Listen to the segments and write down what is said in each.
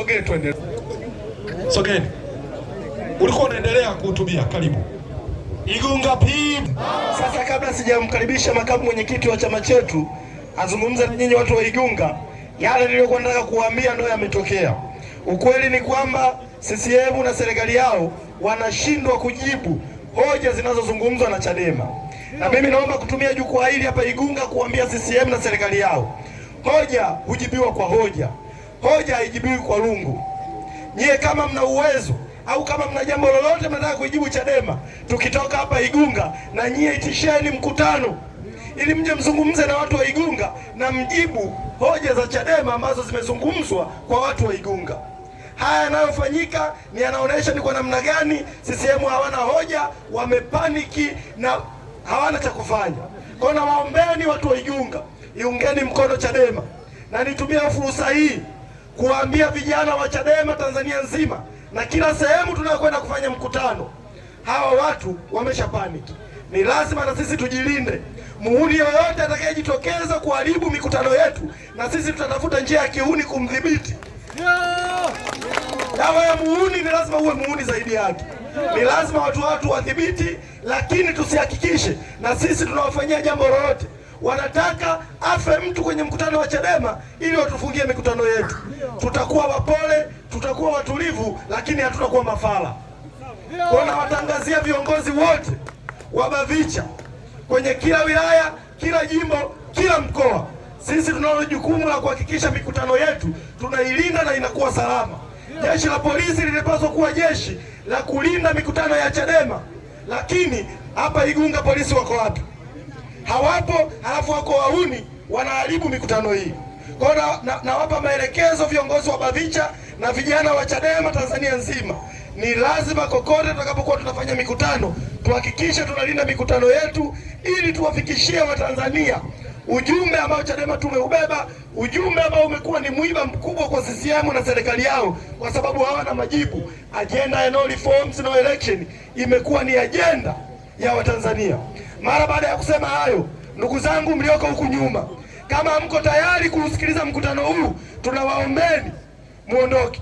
Sogeni twende. Sogeni. Ulikuwa unaendelea kuhutubia, karibu. Igunga pip. Sasa kabla sijamkaribisha makamu mwenyekiti wa chama chetu azungumza na nyinyi watu wa Igunga, yale niliyokuwa nataka kuwaambia ndio yametokea. Ukweli ni kwamba CCM na serikali yao wanashindwa kujibu hoja zinazozungumzwa na Chadema, na mimi naomba kutumia jukwaa hili hapa Igunga kuambia CCM na serikali yao, hoja hujibiwa kwa hoja hoja haijibiwi kwa rungu. Nyie kama mna uwezo au kama mna jambo lolote mnataka kuijibu Chadema, tukitoka hapa Igunga, na nyie itisheni mkutano ili mje mzungumze na watu wa Igunga na mjibu hoja za Chadema ambazo zimezungumzwa kwa watu wa Igunga. Haya yanayofanyika ni yanaonyesha ni kwa namna gani CCM hawana hoja, wamepaniki na hawana cha kufanya. Kwa hiyo nawaombeni watu wa Igunga, iungeni mkono Chadema, na nitumia fursa hii kuwaambia vijana wa Chadema Tanzania nzima na kila sehemu tunayokwenda kufanya mkutano, hawa watu wamesha panic. Ni lazima na sisi tujilinde. Muhuni yoyote atakayejitokeza kuharibu mikutano yetu, na sisi tutatafuta njia ya kihuni kumdhibiti. Dawa ya muhuni ni lazima uwe muhuni zaidi yake. Ni lazima watu watu wadhibiti, lakini tusihakikishe na sisi tunawafanyia jambo lolote wanataka afe mtu kwenye mkutano wa Chadema ili watufungie mikutano yetu. Tutakuwa wapole, tutakuwa watulivu, lakini hatutakuwa mafala. wanawatangazia viongozi wote wa BAVICHA kwenye kila wilaya, kila jimbo, kila mkoa, sisi tunalo jukumu la kuhakikisha mikutano yetu tunailinda na inakuwa salama. Jeshi la polisi lilipaswa kuwa jeshi la kulinda mikutano ya Chadema, lakini hapa Igunga polisi wako wapi? hawapo, halafu wako wauni wanaharibu mikutano hii. Kwa hiyo nawapa na, na maelekezo viongozi wa BAVICHA na vijana wa CHADEMA Tanzania nzima, ni lazima kokote tutakapokuwa tunafanya mikutano tuhakikishe tunalinda mikutano yetu ili tuwafikishie Watanzania ujumbe ambao CHADEMA tumeubeba, ujumbe ambao umekuwa ni mwiba mkubwa kwa CCM na serikali yao, kwa sababu hawana majibu. Ajenda ya no reforms no election imekuwa ni ajenda ya Watanzania. Mara baada ya kusema hayo, ndugu zangu mlioko huku nyuma, kama mko tayari kusikiliza mkutano huu, tunawaombeni muondoke.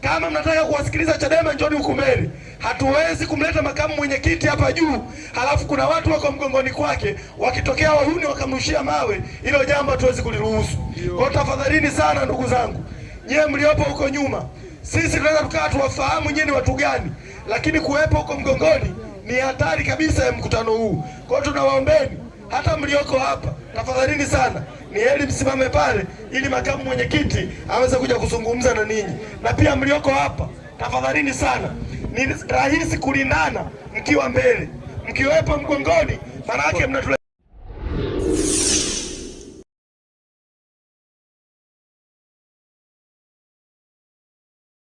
Kama mnataka kuwasikiliza Chadema, njoni huku mbele. Hatuwezi kumleta makamu mwenyekiti hapa juu, halafu kuna watu wako mgongoni kwake, wakitokea wahuni wakamrushia mawe. Hilo jambo hatuwezi kuliruhusu. Kwa tafadhalini sana, ndugu zangu, nyewe mliopo huko nyuma, sisi tunaweza tukawa tuwafahamu nyinyi ni watu gani, lakini kuwepo huko mgongoni ni hatari kabisa ya mkutano huu. Kwa hiyo tunawaombeni hata mlioko hapa, tafadhalini sana, ni heri msimame pale ili makamu mwenyekiti aweze kuja kuzungumza na ninyi, na pia mlioko hapa, tafadhalini sana, ni rahisi kulindana mkiwa mbele, mkiwepo mgongoni, maana yake mnatule